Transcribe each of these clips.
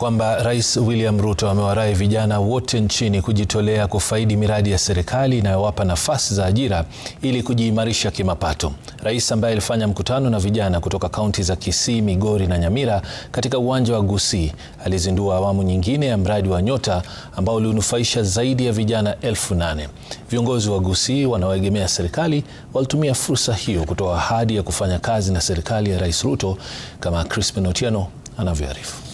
kwamba Rais William Ruto amewarai vijana wote nchini kujitolea kufaidi miradi ya serikali inayowapa nafasi za ajira ili kujiimarisha kimapato. Rais ambaye alifanya mkutano na vijana kutoka kaunti za Kisii, Migori na Nyamira katika uwanja wa Gusii alizindua awamu nyingine ya mradi wa Nyota ambao ulinufaisha zaidi ya vijana elfu nane. Viongozi wa Gusii wanaoegemea serikali walitumia fursa hiyo kutoa ahadi ya kufanya kazi na serikali ya Rais Ruto kama Crispin Otieno anavyoarifu.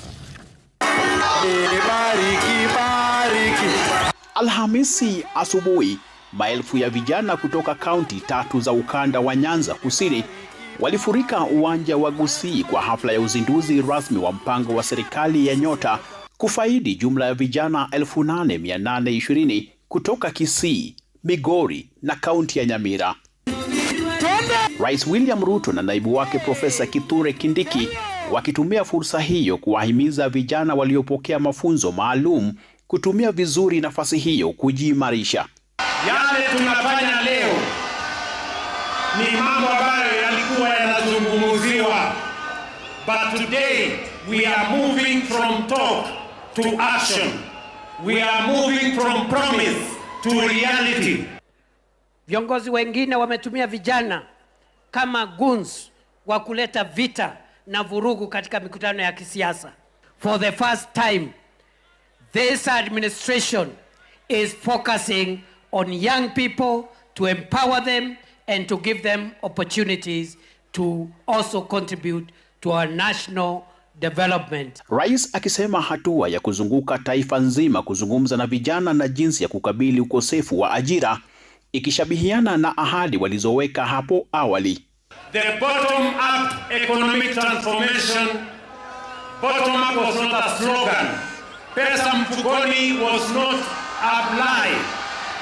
Alhamisi asubuhi, maelfu ya vijana kutoka kaunti tatu za ukanda wa Nyanza Kusini walifurika uwanja wa Gusii kwa hafla ya uzinduzi rasmi wa mpango wa serikali ya Nyota kufaidi jumla ya vijana 8820 kutoka Kisii, Migori na kaunti ya Nyamira. Rais William Ruto na naibu wake Profesa Kithure Kindiki wakitumia fursa hiyo kuwahimiza vijana waliopokea mafunzo maalum kutumia vizuri nafasi hiyo kujiimarisha. Yale tunafanya leo ni mambo ambayo yalikuwa yanazungumziwa, but today we are moving from talk to action, we are moving from promise to reality. Viongozi wengine wametumia vijana kama guns wa kuleta vita na vurugu katika mikutano ya kisiasa. For the first time This administration is focusing on young people to empower them and to give them opportunities to also contribute to our national development. Rais akisema hatua ya kuzunguka taifa nzima kuzungumza na vijana na jinsi ya kukabili ukosefu wa ajira ikishabihiana na ahadi walizoweka hapo awali. The bottom up economic transformation, bottom up was not a slogan pesa mfukoni was not a lie.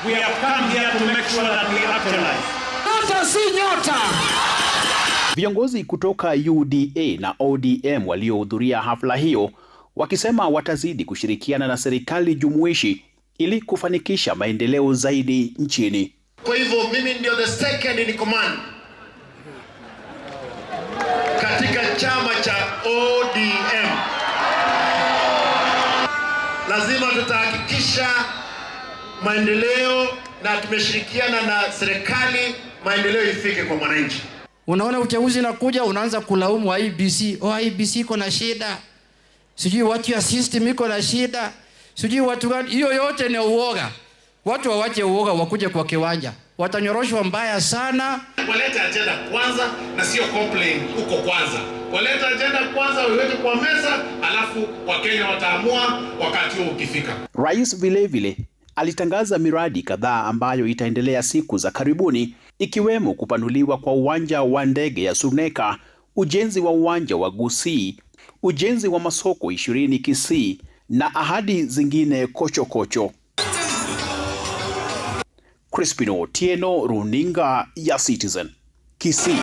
We have come here to make sure that we actualize. Hata si nyota. Viongozi kutoka UDA na ODM waliohudhuria hafla hiyo wakisema watazidi kushirikiana na serikali jumuishi ili kufanikisha maendeleo zaidi nchini. Kwa hivyo mimi ndio the second in command katika chama cha ODM. kuhakikisha maendeleo na tumeshirikiana na serikali maendeleo ifike kwa mwananchi. Unaona, uchaguzi nakuja unaanza kulaumu IBC. Oh, IBC iko na shida, sijui watu ya system iko na shida, sijui watu gani. Hiyo yote ni uoga. Watu wawache uoga, wakuja kwa kiwanja watanyoroshwa mbaya sana. Waleta ajenda kwanza na sio complain huko kwanza. Waleta ajenda kwanza, waiweke kwa meza, alafu wakenya wataamua wakati huo ukifika. Rais vilevile alitangaza miradi kadhaa ambayo itaendelea siku za karibuni, ikiwemo kupanuliwa kwa uwanja wa ndege ya Suneka, ujenzi wa uwanja wa Gusii, ujenzi wa masoko ishirini Kisii na ahadi zingine kochokocho kocho. Crispino Tieno, runinga ya Citizen, Kisii.